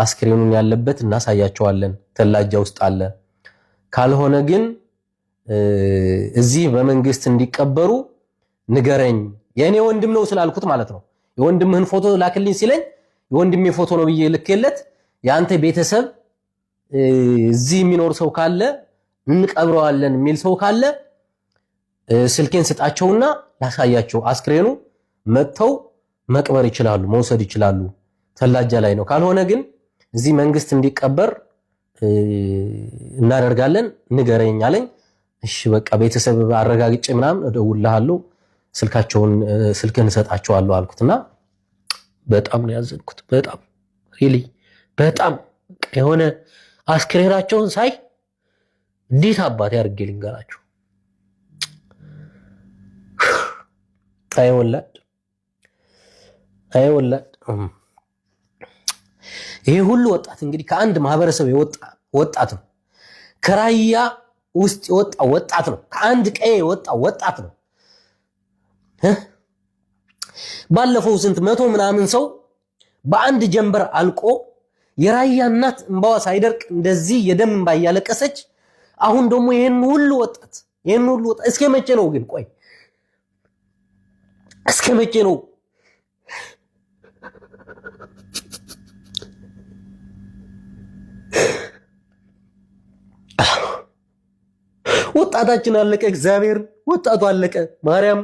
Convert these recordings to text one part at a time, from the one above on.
አስክሬኑን ያለበት እናሳያቸዋለን፣ ተላጃ ውስጥ አለ። ካልሆነ ግን እዚህ በመንግስት እንዲቀበሩ ንገረኝ፣ የእኔ ወንድም ነው ስላልኩት ማለት ነው። የወንድምህን ፎቶ ላክልኝ ሲለኝ የወንድሜ ፎቶ ነው ብዬ ልክለት፣ የአንተ ቤተሰብ እዚህ የሚኖር ሰው ካለ እንቀብረዋለን የሚል ሰው ካለ ስልኬን ስጣቸውና ላሳያቸው። አስክሬኑ መጥተው መቅበር ይችላሉ፣ መውሰድ ይችላሉ። ተላጃ ላይ ነው። ካልሆነ ግን እዚህ መንግስት እንዲቀበር እናደርጋለን ንገረኝ አለኝ። እሺ በቃ ቤተሰብ አረጋግጬ ምናምን እደውልልሃለሁ፣ ስልካቸውን ስልክን እሰጣቸዋለሁ አልኩት እና በጣም ነው ያዘንኩት። በጣም ሪሊ በጣም የሆነ አስክሬናቸውን ሳይ እንዴት አባቴ አድርጌ ልንገራቸው። አይ ወላድ አይ ወላድ ይሄ ሁሉ ወጣት እንግዲህ ከአንድ ማህበረሰብ የወጣ ወጣት ነው። ከራያ ውስጥ የወጣ ወጣት ነው። ከአንድ ቀይ የወጣ ወጣት ነው። ባለፈው ስንት መቶ ምናምን ሰው በአንድ ጀንበር አልቆ የራያ እናት እንባዋ ሳይደርቅ እንደዚህ የደም እንባ እያለቀሰች አሁን ደግሞ ይህን ሁሉ ወጣት ይህን ሁሉ ወጣት እስከ መቼ ነው ግን? ቆይ እስከ መቼ ነው ወጣታችን አለቀ። እግዚአብሔር ወጣቱ አለቀ። ማርያም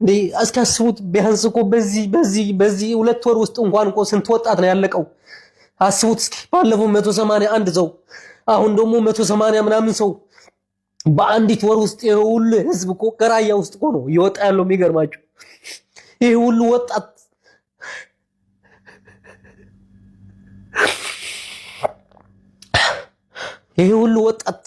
እንዴ እስኪያስቡት ቢያንስ እኮ በዚህ በዚህ በዚህ ሁለት ወር ውስጥ እንኳን እኮ ስንት ወጣት ነው ያለቀው? አስቡት እስኪ ባለፈው መቶ ሰማንያ አንድ ሰው አሁን ደግሞ መቶ ሰማንያ ምናምን ሰው በአንዲት ወር ውስጥ ይሄ ሁሉ ህዝብ እኮ ገራያ ውስጥ እኮ ነው እየወጣ ያለው። የሚገርማችሁ ይሄ ሁሉ ወጣት ይሄ ሁሉ ወጣት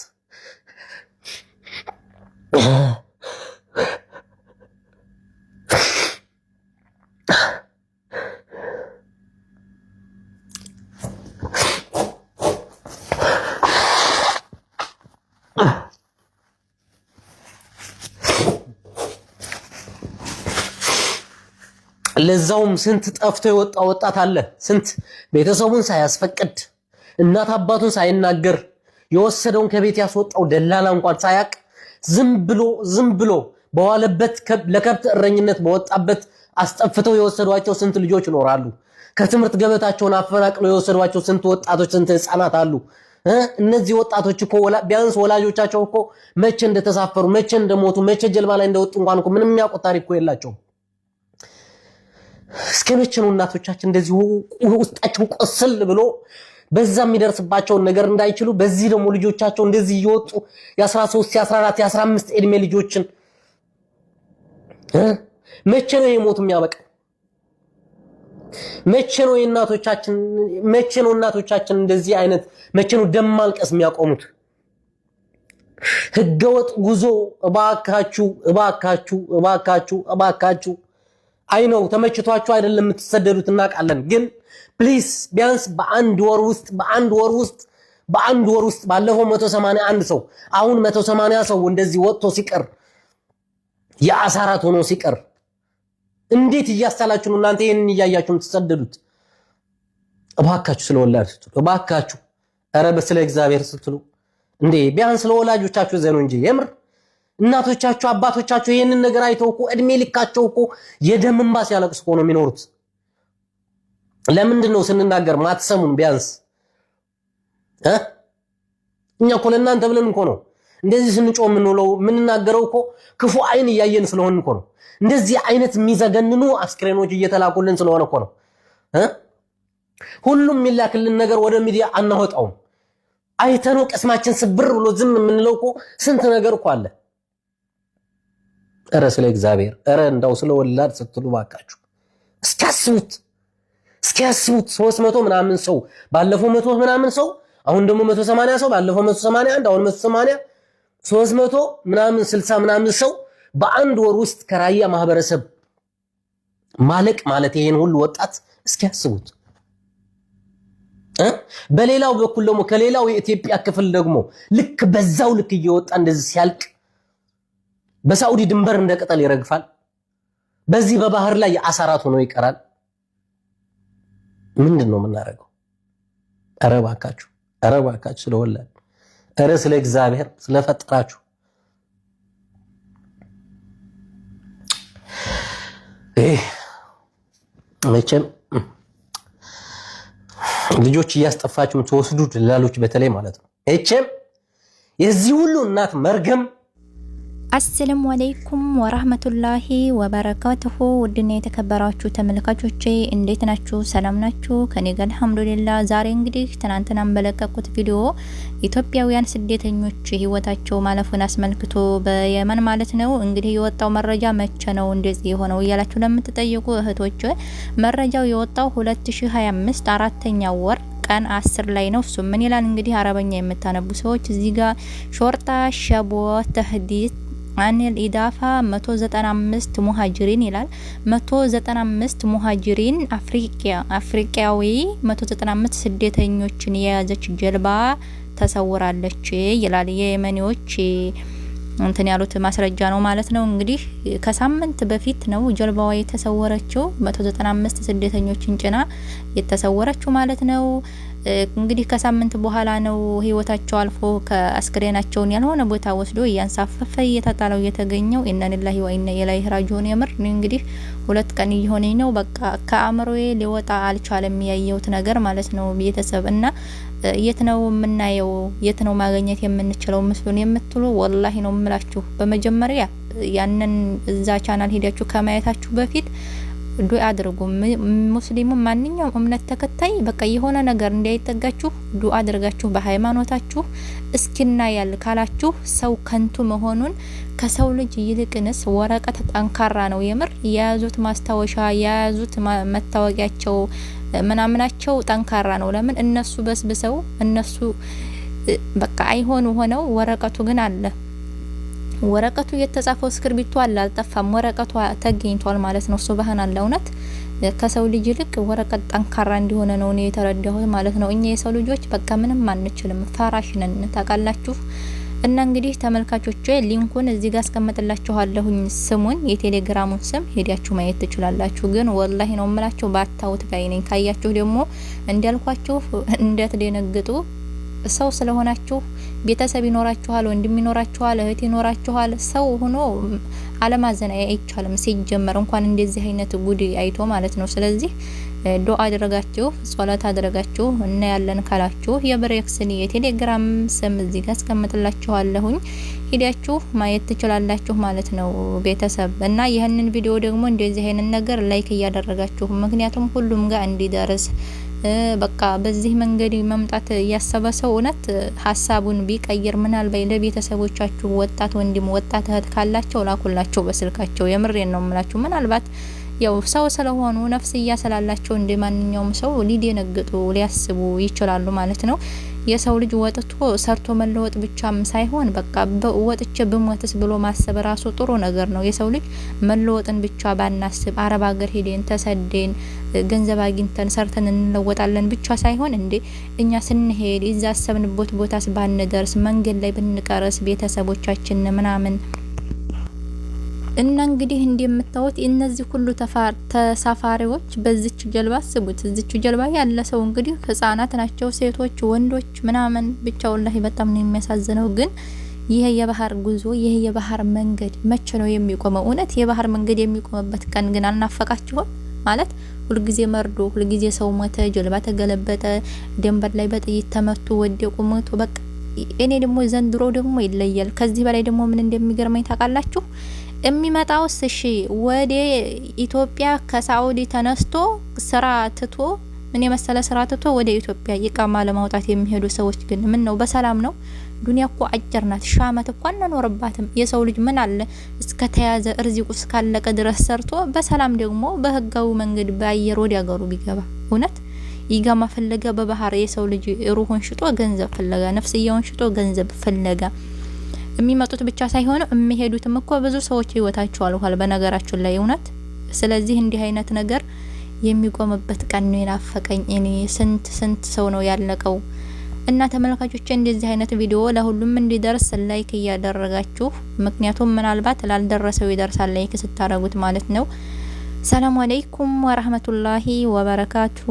ለዛውም ስንት ጠፍቶ የወጣ ወጣት አለ። ስንት ቤተሰቡን ሳያስፈቅድ እናት አባቱን ሳይናገር የወሰደውን ከቤት ያስወጣው ደላላ እንኳን ሳያቅ ዝም ብሎ ዝም ብሎ በዋለበት ለከብት እረኝነት በወጣበት አስጠፍተው የወሰዷቸው ስንት ልጆች ይኖራሉ። ከትምህርት ገበታቸውን አፈናቅለው የወሰዷቸው ስንት ወጣቶች፣ ስንት ህፃናት አሉ። እነዚህ ወጣቶች እኮ ቢያንስ ወላጆቻቸው እኮ መቼ እንደተሳፈሩ፣ መቼ እንደሞቱ፣ መቼ ጀልባ ላይ እንደወጡ እንኳን እኮ ምንም የሚያውቁት ታሪክ እኮ የላቸውም። እስከ መቼ ነው እናቶቻችን እንደዚህ ውስጣቸው ቆስል ብሎ በዛ የሚደርስባቸውን ነገር እንዳይችሉ በዚህ ደግሞ ልጆቻቸው እንደዚህ እየወጡ የ13 የ14 የ15 እድሜ ልጆችን መቼ ነው የሞት ሞት የሚያበቃ? መቼ ነው የእናቶቻችን መቼ ነው እናቶቻችን እንደዚህ አይነት መቼ ነው ደም ማልቀስ የሚያቆሙት? ህገወጥ ጉዞ እባካችሁ እባካችሁ እባካችሁ እባካችሁ አይ ነው ተመችቷችሁ አይደለም የምትሰደዱት እናውቃለን። ግን ፕሊስ ቢያንስ በአንድ ወር ውስጥ በአንድ ወር ውስጥ በአንድ ወር ውስጥ ባለፈው 181 ሰው አሁን 180 ሰው እንደዚህ ወጥቶ ሲቀር የአሳራት ሆኖ ሲቀር እንዴት እያሳላችሁ ነው እናንተ ይሄንን እያያችሁ የምትሰደዱት? እባካችሁ ስለ ወላድ ስትሉ እባካችሁ፣ ኧረ ስለ እግዚአብሔር ስትሉ እንዴ ቢያንስ ለወላጆቻችሁ ዘኑ እንጂ የምር እናቶቻቸው አባቶቻቸው ይህንን ነገር አይተው እኮ እድሜ ልካቸው እኮ የደም እንባ ሲያለቅስ እኮ ነው የሚኖሩት። ለምንድን ነው ስንናገር ማትሰሙን? ቢያንስ እኛ እኮ ለእናንተ ብለን እኮ ነው እንደዚህ ስንጮ የምንውለው የምንናገረው እኮ ክፉ አይን እያየን ስለሆን እኮ ነው። እንደዚህ አይነት የሚዘገንኑ አስክሬኖች እየተላኩልን ስለሆነ እኮ ነው። ሁሉም የሚላክልን ነገር ወደ ሚዲያ አናወጣውም። አይተነው ቅስማችን ስብር ብሎ ዝም የምንለው እኮ ስንት ነገር እኮ አለ። እረ ስለ እግዚአብሔር እረ እንዳው ስለ ወላድ ስትሉ ባካችሁ እስኪያስቡት እስኪያስቡት ሶስት መቶ ምናምን ሰው ባለፈው መቶ ምናምን ሰው አሁን ደግሞ መቶ ሰማንያ ሰው ባለፈው መቶ ሰማንያ አንድ አሁን መቶ ሰማንያ ሶስት መቶ ምናምን ስልሳ ምናምን ሰው በአንድ ወር ውስጥ ከራያ ማህበረሰብ ማለቅ ማለት ይሄን ሁሉ ወጣት እስኪያስቡት በሌላው በኩል ደግሞ ከሌላው የኢትዮጵያ ክፍል ደግሞ ልክ በዛው ልክ እየወጣ እንደዚህ ሲያልቅ በሳዑዲ ድንበር እንደ ቅጠል ይረግፋል። በዚህ በባህር ላይ የአሳራት ሆኖ ይቀራል። ምንድን ነው የምናደርገው? ኧረ እባካችሁ፣ እረ እባካችሁ፣ ስለወላድ እረ ስለ እግዚአብሔር ስለፈጠራችሁ መቼም ልጆች እያስጠፋችሁ ትወስዱ ደላሎች በተለይ ማለት ነው መቼም የዚህ ሁሉ እናት መርገም አሰላሙ አለይኩም ወራህመቱላሂ ወበረካቱሁ ውድና የተከበራችሁ ተመልካቾቼ እንዴት ናችሁ? ሰላም ናችሁ? ከኔ ጋር አልሐምዱሊላ። ዛሬ እንግዲህ ትናንትና በለቀቁት ቪዲዮ ኢትዮጵያውያን ስደተኞች ህይወታቸው ማለፉን አስመልክቶ በየመን ማለት ነው እንግዲህ የወጣው መረጃ መቼ ነው እንደዚህ የሆነው እያላችሁ ለምትጠይቁ እህቶች መረጃው የወጣው 2025 አራተኛ ወር ቀን አስር ላይ ነው። እሱ ምን ይላል እንግዲህ አረበኛ የምታነቡ ሰዎች እዚህ ጋር ሾርጣ ሸቦ ተህዲት አኒል ኢዳፋ 195 ሙሃጅሪን ይላል። 195 ሙሃጅሪን አፍሪካ አፍሪካዊ 195 ስደተኞችን የያዘች ጀልባ ተሰውራለች ይላል። የየመኔዎች እንትን ያሉት ማስረጃ ነው ማለት ነው። እንግዲህ ከሳምንት በፊት ነው ጀልባዋ የተሰወረችው 195 ስደተኞችን ጭና የተሰወረችው ማለት ነው። እንግዲህ ከሳምንት በኋላ ነው ህይወታቸው አልፎ ከአስክሬናቸውን ያልሆነ ቦታ ወስዶ እያንሳፈፈ እየተጣለው እየተገኘው ኢነንላሂ ወኢነ ኢለይሂ ራጂዑን። የምር እንግዲህ ሁለት ቀን እየሆነኝ ነው፣ በቃ ከአእምሮዬ ሊወጣ አልቻለም ያየሁት ነገር ማለት ነው። ቤተሰብ እና የት ነው የምናየው? የት ነው ማግኘት የምንችለው ምስሉን የምትሉ ወላሂ ነው የምላችሁ በመጀመሪያ ያንን እዛ ቻናል ሄዳችሁ ከማየታችሁ በፊት ዱዓ አድርጉ። ሙስሊሙ ማንኛውም እምነት ተከታይ በቃ የሆነ ነገር እንዳይጠጋችሁ ዱ አድርጋችሁ በሃይማኖታችሁ እስኪና ያል ካላችሁ ሰው ከንቱ መሆኑን ከሰው ልጅ ይልቅንስ ወረቀት ጠንካራ ነው። የምር የያዙት ማስታወሻ የያዙት መታወቂያቸው ምናምናቸው ጠንካራ ነው። ለምን እነሱ በስብሰው እነሱ በቃ አይሆኑ ሆነው ወረቀቱ ግን አለ ወረቀቱ የተጻፈው እስክርቢቶ አለ አልጠፋም። ተገኝቷል ማለት ነው። አለ እውነት ከሰው ልጅ ይልቅ ወረቀት ጠንካራ እንደሆነ ነው እኔ የተረዳሁት ማለት ነው። እኛ የሰው ልጆች በቃ ምንም አንችልም፣ ፈራሽ ነን ታውቃላችሁ። እና እንግዲህ ተመልካቾች ሊንኩን እዚህ ጋር አስቀምጥላችኋለሁኝ ስሙን፣ የቴሌግራሙን ስም ሄዳችሁ ማየት ትችላላችሁ። ግን ወላሂ ነው እምላችሁ ባታውት ላይ ነኝ። ካያችሁ ደግሞ እንደት ደነግጡ ሰው ስለሆናችሁ ቤተሰብ ይኖራችኋል፣ ወንድም ይኖራችኋል፣ እህት ይኖራችኋል። ሰው ሆኖ አለማዘን አይቻልም። ሲጀመር እንኳን እንደዚህ አይነት ጉድ አይቶ ማለት ነው። ስለዚህ ዱአ አድረጋችሁ ጸሎት አድረጋችሁ እና ያለን ካላችሁ የብሬክስን የቴሌግራም ስም እዚህ ጋር አስቀምጥላችኋለሁኝ ሂዳችሁ ማየት ትችላላችሁ ማለት ነው ቤተሰብ እና ይህንን ቪዲዮ ደግሞ እንደዚህ አይነት ነገር ላይክ እያደረጋችሁ ምክንያቱም ሁሉም ጋር እንዲደርስ በቃ በዚህ መንገድ መምጣት ያሰበ ሰው እውነት ሀሳቡን ቢቀይር ምናልባት ለቤተሰቦቻችሁ ወጣት ወንድም ወጣት እህት ካላቸው ላኩላቸው በስልካቸው። የምሬን ነው የምላችሁ ምናልባት ያው ሰው ስለሆኑ ነፍስያ ስላላቸው እንደ ማንኛውም ሰው ሊደነግጡ ሊያስቡ ይችላሉ ማለት ነው። የሰው ልጅ ወጥቶ ሰርቶ መለወጥ ብቻም ሳይሆን በቃ ወጥቼ ብሞትስ ብሎ ማሰብ ራሱ ጥሩ ነገር ነው። የሰው ልጅ መለወጥን ብቻ ባናስብ አረብ ሀገር ሄደን ተሰደን ገንዘብ አግኝተን ሰርተን እንለወጣለን ብቻ ሳይሆን እንዴ እኛ ስንሄድ የዛ አሰብንበት ቦታስ ባንደርስ መንገድ ላይ ብንቀረስ ቤተሰቦቻችን ምናምን እና እንግዲህ እንደምታዩት እነዚህ ሁሉ ተሳፋሪዎች በዚች ጀልባ አስቡት። እዚች ጀልባ ያለ ሰው እንግዲህ ህጻናት ናቸው፣ ሴቶች፣ ወንዶች ምናምን ብቻ ወላሂ በጣም ነው የሚያሳዝነው። ግን ይሄ የባህር ጉዞ ይሄ የባህር መንገድ መቼ ነው የሚቆመው? እውነት የባህር መንገድ የሚቆምበት ቀን ግን አልናፈቃችሁም? ማለት ሁልጊዜ መርዶ፣ ሁልጊዜ ሰው ሞተ፣ ጀልባ ተገለበጠ፣ ደንበር ላይ በጥይት ተመቱ፣ ወደቁ፣ ሞቱ። በቃ እኔ ደግሞ ዘንድሮ ደግሞ ይለያል። ከዚህ በላይ ደግሞ ምን እንደሚገርመኝ ታውቃላችሁ? የሚመጣውስ እሺ ወደ ኢትዮጵያ ከሳዑዲ ተነስቶ ስራ ትቶ ምን የመሰለ ስራ ትቶ ወደ ኢትዮጵያ ይቃማ ለማውጣት የሚሄዱ ሰዎች ግን ምን ነው በሰላም ነው? ዱንያ እኮ አጭር ናት። ሺህ አመት እኮ አንኖርባትም። የሰው ልጅ ምን አለ እስከ ተያዘ እርዚቁ እስካለቀ ድረስ ሰርቶ በሰላም ደግሞ በህጋዊ መንገድ በአየር ወደ ሀገሩ ቢገባ እውነት ይጋማ ፍለጋ በባህር የሰው ልጅ ሩሁን ሽጦ ገንዘብ ፍለጋ ነፍስያውን ሽጦ ገንዘብ ፍለጋ የሚመጡት ብቻ ሳይሆኑ የሚሄዱትም እኮ ብዙ ሰዎች ህይወታቸው አልፏል በነገራችን ላይ እውነት። ስለዚህ እንዲህ አይነት ነገር የሚቆምበት ቀን ነው የናፈቀኝ እኔ። ስንት ስንት ሰው ነው ያለቀው። እና ተመልካቾች እንደዚህ አይነት ቪዲዮ ለሁሉም እንዲደርስ ላይክ እያደረጋችሁ፣ ምክንያቱም ምናልባት ላልደረሰው ይደርሳል ላይክ ስታደረጉት ማለት ነው። ሰላም አለይኩም ወራህመቱላሂ ወበረካቱ